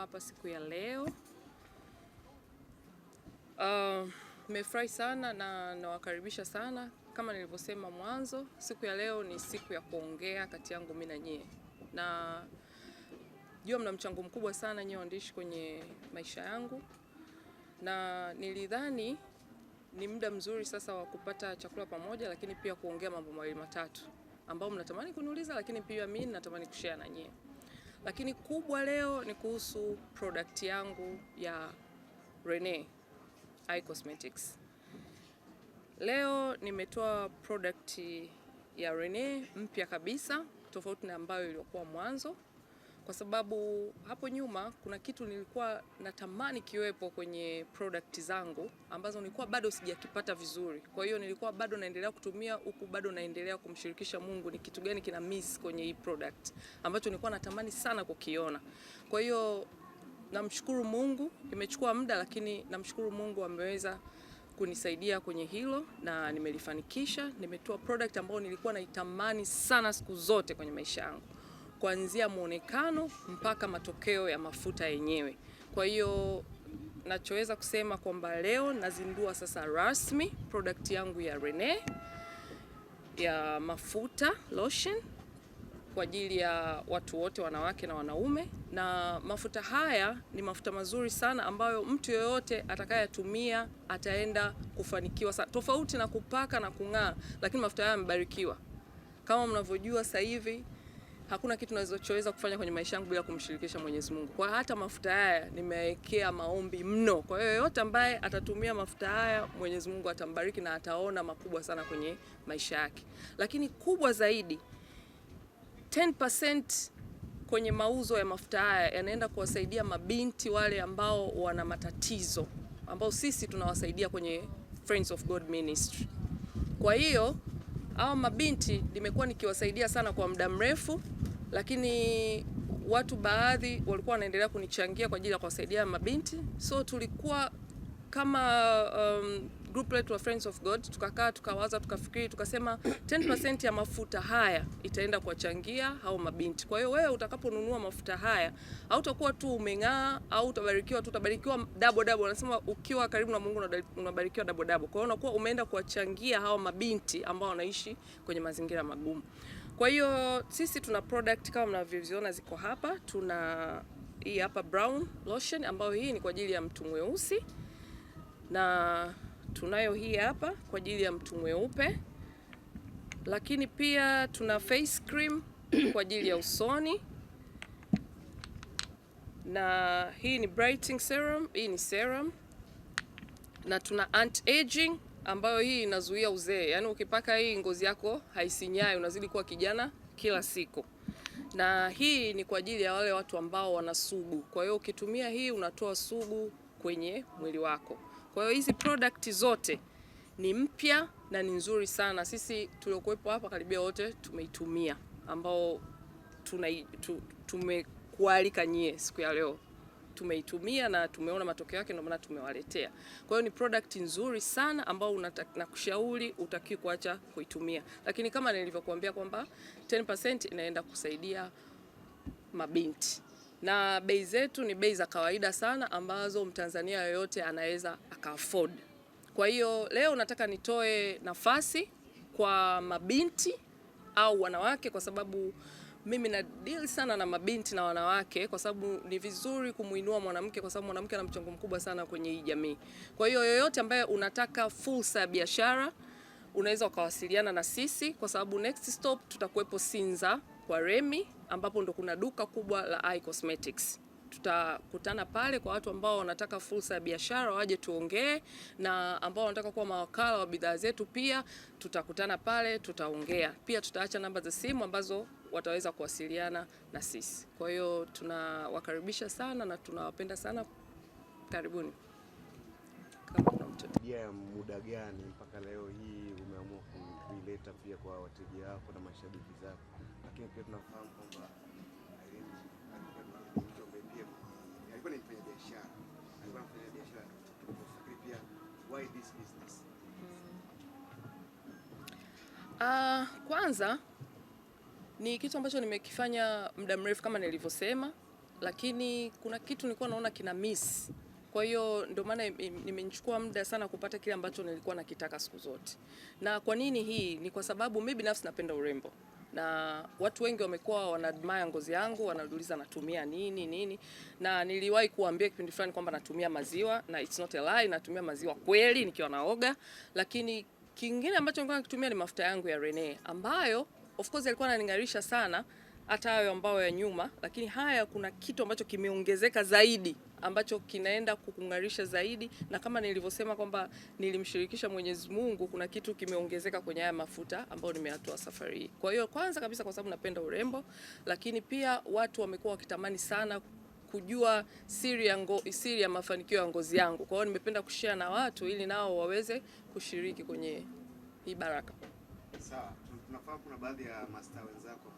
hapa siku ya leo. Ah, nimefurahi uh, sana na nawakaribisha sana. Kama nilivyosema mwanzo, siku ya leo ni siku ya kuongea kati yangu mimi na nyie, na jua mna mchango mkubwa sana nyie waandishi kwenye maisha yangu, na nilidhani ni muda mzuri sasa wa kupata chakula pamoja, lakini pia kuongea mambo mawili matatu ambayo mnatamani kuniuliza, lakini pia mimi natamani kushare na nyie. Lakini kubwa leo ni kuhusu product yangu ya Rene Eye Cosmetics. Leo nimetoa product ya Rene mpya kabisa tofauti na ambayo iliyokuwa mwanzo kwa sababu hapo nyuma kuna kitu nilikuwa natamani kiwepo kwenye product zangu ambazo nilikuwa bado sijakipata vizuri. Kwa hiyo nilikuwa bado naendelea kutumia huku, bado naendelea kumshirikisha Mungu ni kitu gani kina miss kwenye hii product ambacho nilikuwa natamani sana kukiona. Kwa hiyo namshukuru Mungu, imechukua muda, lakini namshukuru Mungu ameweza kunisaidia kwenye hilo na nimelifanikisha. Nimetoa product ambayo nilikuwa naitamani sana siku zote kwenye maisha yangu kuanzia mwonekano mpaka matokeo ya mafuta yenyewe. Kwa hiyo nachoweza kusema kwamba leo nazindua sasa rasmi product yangu ya Rene ya mafuta lotion kwa ajili ya watu wote wanawake na wanaume. Na mafuta haya ni mafuta mazuri sana ambayo mtu yoyote atakayetumia ataenda kufanikiwa sana, tofauti na kupaka na kung'aa, lakini mafuta haya yamebarikiwa. Kama mnavyojua sasa hivi hakuna kitu nachoweza kufanya kwenye maisha yangu bila kumshirikisha Mwenyezi Mungu. Kwa hata mafuta haya nimewekea maombi mno. Kwa hiyo yoyote ambaye atatumia mafuta haya Mwenyezi Mungu atambariki na ataona makubwa sana kwenye maisha yake. Lakini kubwa zaidi 10% kwenye mauzo ya mafuta haya yanaenda kuwasaidia mabinti wale ambao wana matatizo ambao sisi tunawasaidia kwenye Friends of God Ministry. Kwa hiyo hawa mabinti nimekuwa nikiwasaidia sana kwa muda mrefu, lakini watu baadhi walikuwa wanaendelea kunichangia kwa ajili ya kuwasaidia mabinti, so tulikuwa kama um, group letu wa Friends of God tukakaa tukawaza tukafikiri tukasema 10% ya mafuta haya itaenda kuwachangia hao mabinti. Kwa hiyo wewe utakaponunua mafuta haya hautakuwa tu umeng'aa au utabarikiwa tu, utabarikiwa double double. Anasema ukiwa karibu na Mungu unabarikiwa double double. Kwa hiyo unakuwa umeenda kuwachangia hao mabinti ambao wanaishi kwenye mazingira magumu. Kwa hiyo sisi tuna product kama mnavyoziona ziko hapa, tuna hii hapa brown lotion ambayo hii ni kwa ajili ya mtu mweusi na Tunayo hii hapa kwa ajili ya mtu mweupe, lakini pia tuna face cream kwa ajili ya usoni, na hii ni brightening serum, hii ni serum, na tuna anti aging ambayo hii inazuia uzee, yaani ukipaka hii ngozi yako haisinyai, unazidi kuwa kijana kila siku. Na hii ni kwa ajili ya wale watu ambao wana sugu, kwa hiyo ukitumia hii unatoa sugu kwenye mwili wako. Kwa hiyo hizi product zote ni mpya na ni nzuri sana. Sisi tuliokuwepo hapa karibia wote tumeitumia, ambao tu, tumekualika nyie siku ya leo tumeitumia na tumeona matokeo yake, ndio maana tumewaletea. Kwa hiyo ni product nzuri sana ambao nakushauri utakii kuacha kuitumia, lakini kama nilivyokuambia kwamba 10% inaenda kusaidia mabinti na bei zetu ni bei za kawaida sana ambazo Mtanzania yoyote anaweza aka afford. Kwa hiyo leo nataka nitoe nafasi kwa mabinti au wanawake, kwa sababu mimi na deal sana na mabinti na wanawake, kwa sababu ni vizuri kumuinua mwanamke, kwa sababu mwanamke ana mchango mkubwa sana kwenye hii jamii. Kwa hiyo yoyote ambaye unataka fursa ya biashara unaweza ukawasiliana na sisi, kwa sababu next stop tutakuwepo Sinza kwa Remi ambapo ndo kuna duka kubwa la Eye Cosmetics. Tutakutana pale kwa watu ambao wanataka fursa ya biashara waje tuongee, na ambao wanataka kuwa mawakala wa bidhaa zetu pia tutakutana pale, tutaongea pia. Tutaacha namba za simu ambazo wataweza kuwasiliana na sisi. Kwa hiyo tunawakaribisha sana na tunawapenda sana, karibuni. Kama kuna yeah, muda gani mpaka leo hii kuleta pia kwa wateja wako na mashabiki zako, lakini pia tunafahamu kwamba eh, alikuwa ni mfanya biashara, alikuwa mfanya biashara, pia why this business? Hmm. Ah, kwanza ni kitu ambacho nimekifanya muda mrefu kama nilivyosema, lakini kuna kitu nilikuwa naona kina miss kwa hiyo ndio maana nimenichukua muda sana kupata kile ambacho nilikuwa nakitaka siku zote. Na kwa nini hii? Ni kwa sababu mimi binafsi napenda urembo na watu wengi wamekuwa wanaadmire ngozi yangu, wanauliza natumia nini nini, na niliwahi kuambia kipindi fulani kwamba natumia maziwa, na it's not a lie, natumia maziwa kweli nikiwa naoga. Lakini kingine ambacho nilikuwa nakitumia ni mafuta yangu ya Rene ambayo of course yalikuwa yananingarisha sana, hata hayo ambayo ya nyuma, lakini haya kuna kitu ambacho kimeongezeka zaidi ambacho kinaenda kukung'arisha zaidi, na kama nilivyosema kwamba nilimshirikisha Mwenyezi Mungu, kuna kitu kimeongezeka kwenye haya mafuta ambayo nimeyatoa safari hii. Kwa hiyo kwanza kabisa, kwa sababu napenda urembo, lakini pia watu wamekuwa wakitamani sana kujua siri ya, ngo, siri ya mafanikio ya ngozi yangu. Kwa hiyo nimependa kushare na watu ili nao waweze kushiriki kwenye hii baraka. Sawa, tunafahamu kuna baadhi ya mastaa wenzako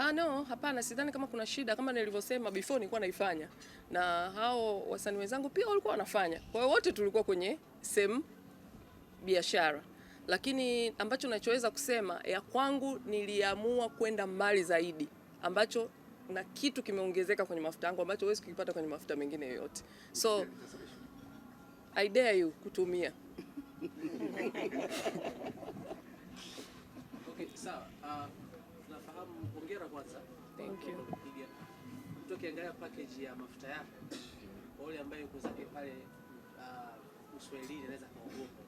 Ah, no, hapana, sidhani kama kuna shida. Kama nilivyosema before, nilikuwa naifanya na hao wasanii wenzangu pia walikuwa wanafanya, kwa hiyo wote tulikuwa kwenye same biashara, lakini ambacho nachoweza kusema ya kwangu, niliamua kwenda mbali zaidi, ambacho na kitu kimeongezeka kwenye mafuta yangu ambacho huwezi kukipata kwenye mafuta mengine yoyote, so I dare you kutumia okay, sawa. Uh kwanza. Thank Tukiangalia package ya mafuta yako kwa yule ambaye yuko zake pale uh, Uswahilini anaweza kaogopa.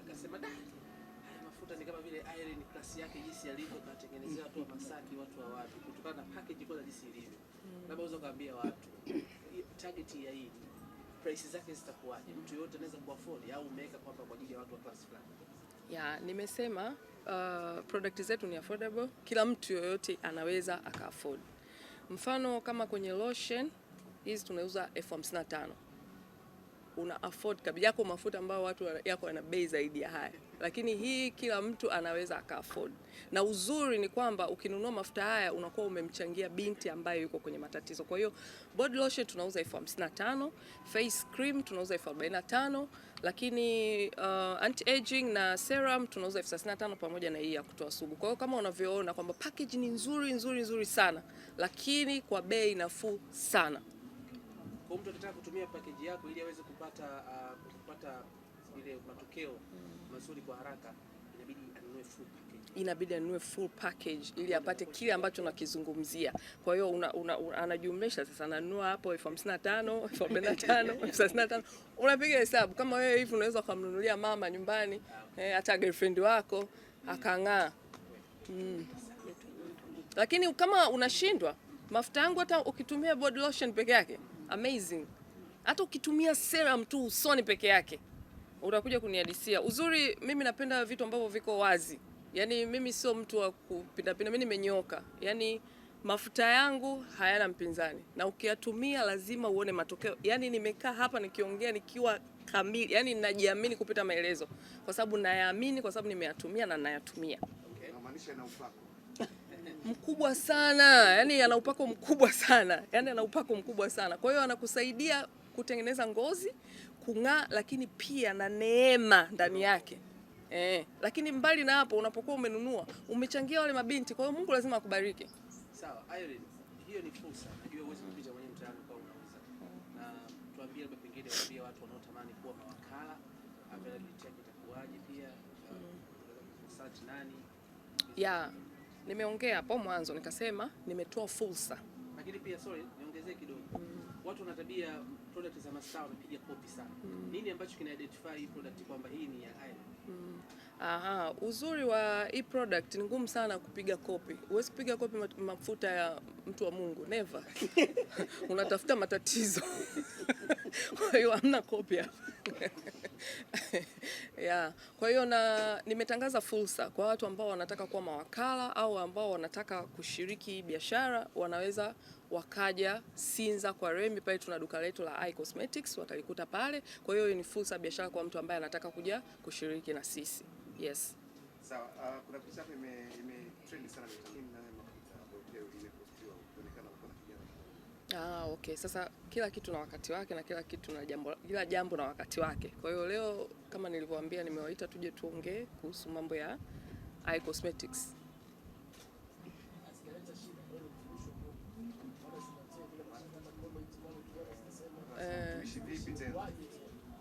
Akasema da haya mafuta ni kama vile iron class yake jinsi yalivyo katengenezea watu wa Masaki, watu wa wapi kutokana na package kwanza jinsi ilivyo. Labda unaweza kaambia watu target ya hii price zake zitakuwaje? Mtu yote anaweza kuafford au umeweka kwamba kwa ajili ya watu wa class fulani? Ya, nimesema uh, product zetu ni affordable, kila mtu yoyote anaweza aka afford. Mfano kama kwenye lotion hizi tunauza elfu hamsini na tano una afford kabisa yako mafuta ambayo watu yako yana bei zaidi ya haya lakini hii kila mtu anaweza akaafford. na uzuri ni kwamba ukinunua mafuta haya unakuwa umemchangia binti ambaye yuko kwenye matatizo. Kwa hiyo body lotion tunauza elfu hamsini na tano, face cream tunauza elfu arobaini na tano, lakini uh, anti aging na serum tunauza elfu thelathini na tano pamoja na hii ya kutoa sugu. Kwa hiyo kama unavyoona kwamba package ni nzuri nzuri nzuri sana, lakini kwa bei nafuu sana. Kwa mtu akitaka kutumia package yako ili aweze kupata uh, kupata ile matokeo mm. mazuri kwa haraka inabidi anunue full package, inabidi anunue full package ili apate kile ambacho nakizungumzia. Kwa hiyo una, una, una, anajumlisha sasa, ananunua hapo elfu hamsini na tano elfu arobaini na tano elfu thelathini na tano unapiga hesabu kama wewe hivi unaweza ukamnunulia mama nyumbani ah, eh, hata eh, girlfriend wako mm. akang'aa mm. Lakini kama unashindwa, mafuta yangu hata ukitumia body lotion peke yake amazing, hata ukitumia serum tu usoni peke yake utakuja kunihadisia. Uzuri mimi napenda vitu ambavyo viko wazi, yani mimi sio mtu wa kupindapinda, mimi nimenyoka, yani mafuta yangu hayana mpinzani na ukiyatumia lazima uone matokeo. yani nimekaa hapa nikiongea nikiwa kamili, yani ninajiamini kupita maelezo, kwa sababu nayaamini, kwa sababu nimeyatumia na nayatumia. mkubwa sana, yani, ana upako mkubwa sana, yani, ana upako mkubwa sana. Kwa hiyo anakusaidia kutengeneza ngozi, kung'aa, lakini pia na neema ndani yake eh. Lakini mbali na hapo, unapokuwa umenunua umechangia wale mabinti, kwa hiyo Mungu lazima akubariki. Sawa Irene, hiyo ni fursa. Najua uwezi kupita kwenye mtaani kwa unauza, na tuambie labda pengine waambie watu wanaotamani kuwa mawakala ambao vitendo itakuwaje, pia uh, search nani ya Nimeongea hapo mwanzo nikasema nimetoa fursa, lakini pia sorry niongezee kidogo mm. watu wanatabia product za Mastaa wamepiga kopi sana. Mm. Nini ambacho kina identify hii product kwamba hii ni ya Ireland? Mm. Aha, uzuri wa hii product ni ngumu sana kupiga kopi. Huwezi kupiga kopi mafuta ya mtu wa Mungu, never. Unatafuta matatizo. Kwa hiyo hamna kopi hapa. Yeah. Kwa hiyo na nimetangaza fursa kwa watu ambao wanataka kuwa mawakala au ambao wanataka kushiriki biashara wanaweza wakaja Sinza kwa Remi pale tuna duka letu la Eye Cosmetics watalikuta pale. Kwa hiyo ni fursa ya biashara kwa mtu ambaye anataka kuja kushiriki na sisi. Yes. Sawa, uh, kuna picha ime ime trend sana Ah, okay. Sasa kila kitu na wakati wake na kila kitu na jambo, kila jambo na wakati wake. Kwa hiyo leo kama nilivyowaambia, nimewaita tuje tuongee kuhusu mambo ya Eye Cosmetics.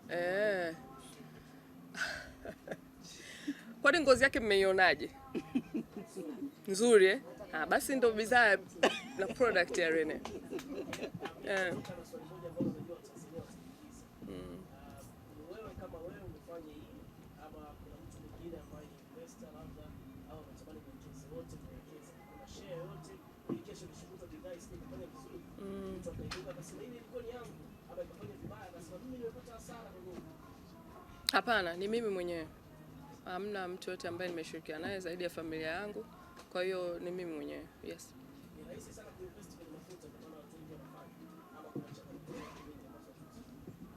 eh. Kwani ngozi yake mmeionaje? Nzuri eh? Ah, basi ndo bidhaa na product ya Rene eh. Hapana, ni mimi mwenyewe. Hamna mtu yote ambaye nimeshirikiana naye zaidi ya familia yangu, kwa hiyo ni mimi mwenyewe. Yes.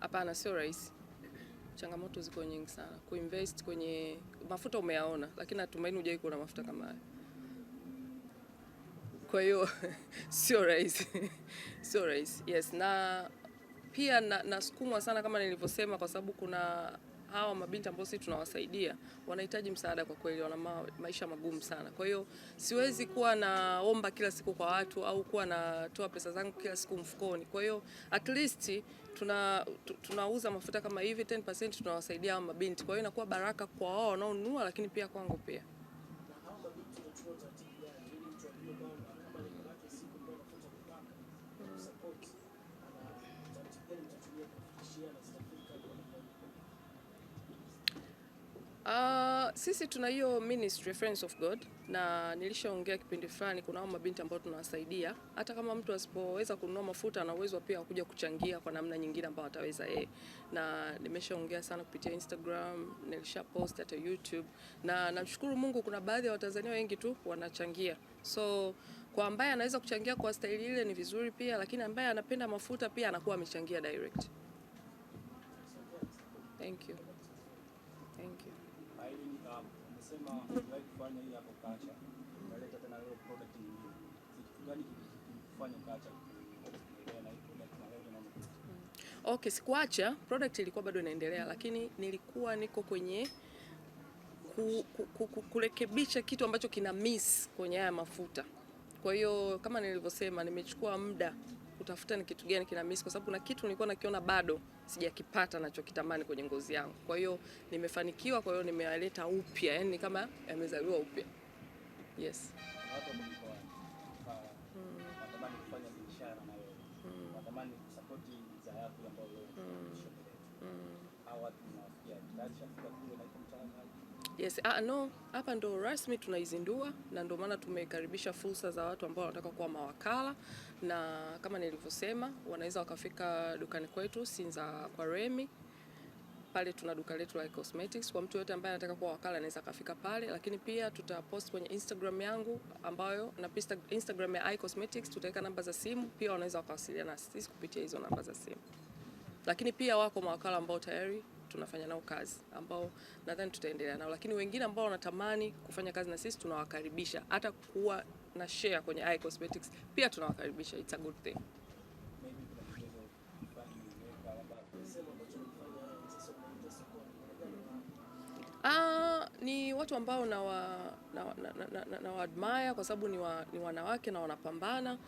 Hapana, sio rahisi. Changamoto ziko nyingi sana kuinvest kwenye mafuta, umeyaona, lakini natumaini hujai kuona mafuta kama hayo. Kwa hiyo sio rahisi, sio rahisi. Yes, na pia nasukumwa na sana kama nilivyosema, kwa sababu kuna hawa mabinti ambao sisi tunawasaidia wanahitaji msaada kwa kweli, wana ma, maisha magumu sana. Kwa hiyo siwezi kuwa naomba kila siku kwa watu au kuwa natoa pesa zangu kila siku mfukoni. Kwa hiyo at least tuna tunauza mafuta kama hivi 10% tunawasaidia hawa mabinti, kwa hiyo inakuwa baraka kwa wao wanaonunua, lakini pia kwangu pia. Uh, sisi tuna hiyo ministry Friends of God na nilishaongea kipindi fulani, kuna hao mabinti ambao tunawasaidia, hata kama mtu asipoweza kununua mafuta ana uwezo pia kuja kuchangia kwa namna nyingine ambayo ataweza yeye, na nimeshaongea sana kupitia Instagram, nilisha post hata YouTube, na namshukuru Mungu kuna baadhi ya Watanzania wengi tu wanachangia, so kwa ambaye anaweza kuchangia kwa staili ile ni vizuri pia, lakini ambaye anapenda mafuta pia anakuwa amechangia direct. Thank you. umesema kufanya hapo kacha, unaleta tena leo product nyingine, kitu gani kacha Okay, sikuacha product ilikuwa bado inaendelea, lakini nilikuwa niko kwenye ku, ku, ku, kurekebisha kitu ambacho kina miss kwenye haya mafuta. Kwa hiyo kama nilivyosema, nimechukua muda kutafuta ni kitu gani kina miss, kwa sababu kuna kitu nilikuwa nakiona bado sijakipata nachokitamani kwenye ngozi yangu. Kwa hiyo nimefanikiwa, kwa hiyo nimewaleta upya, yani kama yamezaliwa upya. Yes. Yes, ah, no, hapa ndo rasmi tunaizindua na ndio maana tumekaribisha fursa za watu ambao wanataka kuwa mawakala, na kama nilivyosema, wanaweza wakafika dukani kwetu Sinza kwa Remi pale tuna duka letu la cosmetics. Kwa mtu yote ambaye anataka kuwa wakala anaweza akafika pale, lakini pia tutapost kwenye Instagram yangu ambayo na Instagram ya iCosmetics, tutaweka namba za simu, pia wanaweza wakawasiliana na sisi kupitia hizo namba za simu, lakini pia wako mawakala ambao tayari tunafanya nao kazi ambao nadhani tutaendelea nao, lakini wengine ambao wanatamani kufanya kazi na sisi tunawakaribisha, hata kuwa na share kwenye Eye Cosmetics pia tunawakaribisha. It's a good thing. Ah, ni watu ambao wa, na, na, na, na, na, wa admire kwa sababu ni, wa, ni wanawake na wanapambana,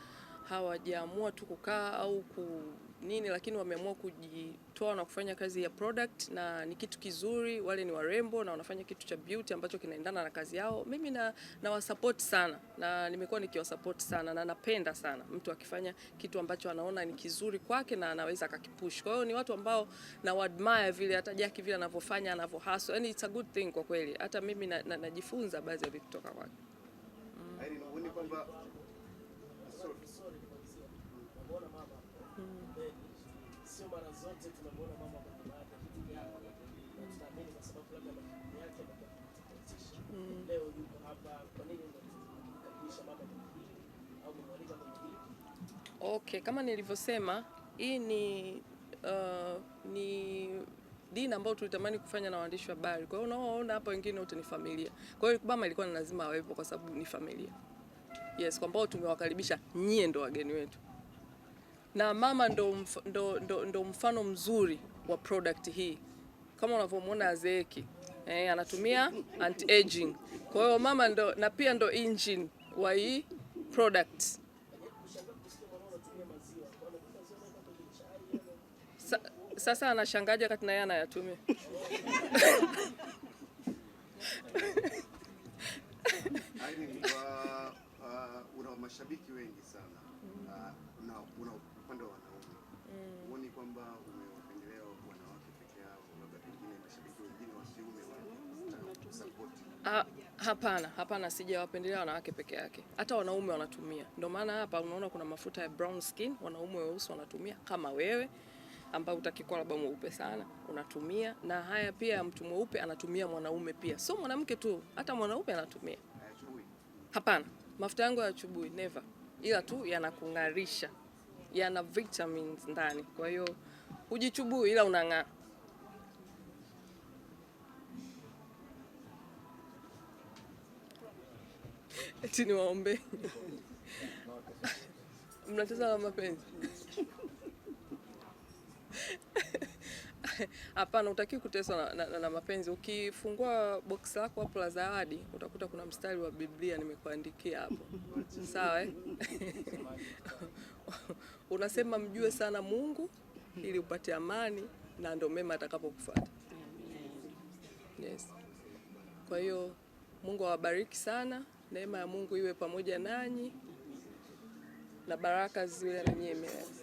hawajaamua tu kukaa au ku nini, lakini wameamua kuji wanajitoa na kufanya kazi ya product na ni kitu kizuri. Wale ni warembo na wanafanya kitu cha beauty ambacho kinaendana na kazi yao. Mimi na nawasupport sana na nimekuwa nikiwasupport sana na napenda sana mtu akifanya kitu ambacho anaona ni kizuri kwake na anaweza akakipush. Kwa hiyo ni watu ambao na admire vile hata Jackie vile anavyofanya anavyohaso. Yani it's a good thing kwa kweli. Hata mimi najifunza na, na baadhi ya vitu kutoka kwake. Mm. Okay, kama nilivyosema hii ni, uh, ni dini ambayo tulitamani kufanya na waandishi wa habari. Kwa hiyo unaoona hapa wengine wote ni familia. Kwa hiyo Bama ilikuwa ni lazima awepo kwa sababu ni familia. Yes, kwa mbao tumewakaribisha nyie ndo wageni wetu. Na mama ndo, mf ndo, ndo, ndo mfano mzuri wa product hii. Kama unavyomwona azeeki. Eh, anatumia anti aging. Kwa hiyo mama ndo na pia ndo engine wa hii product. Sasa anashangaja kati na yeye anayatumia uh, una mashabiki wengi sana uh, na una upande wa wanaume, mm. huoni kwamba umewapendelea wanawake peke yao, labda pengine mashabiki wengine wasiume wanasapoti? Ah, hapana, hapana, sijawapendelea wanawake peke yake, hata wanaume wanatumia. Ndio maana hapa unaona kuna mafuta ya brown skin, wanaume weusi wanatumia kama wewe ambao utakiwa labda mweupe sana unatumia, na haya pia mtu mweupe anatumia, mwanaume pia, sio mwanamke tu, hata mwanaume anatumia. Hapana, mafuta yangu hayachubui never, ila tu yanakung'arisha, yana vitamins ndani, kwa hiyo hujichubui, ila unang'aa. Eti niwaombe mnacheza na mapenzi Hapana, utakiwi kuteswa na, na, na, na mapenzi. Ukifungua box lako hapo la zawadi utakuta kuna mstari wa Biblia nimekuandikia hapo, sawa eh? Unasema mjue sana Mungu ili upate amani na ndio mema atakapokufuata. Yes. Kwa hiyo Mungu awabariki sana, neema ya Mungu iwe pamoja nanyi na baraka ziwe na nyinyi.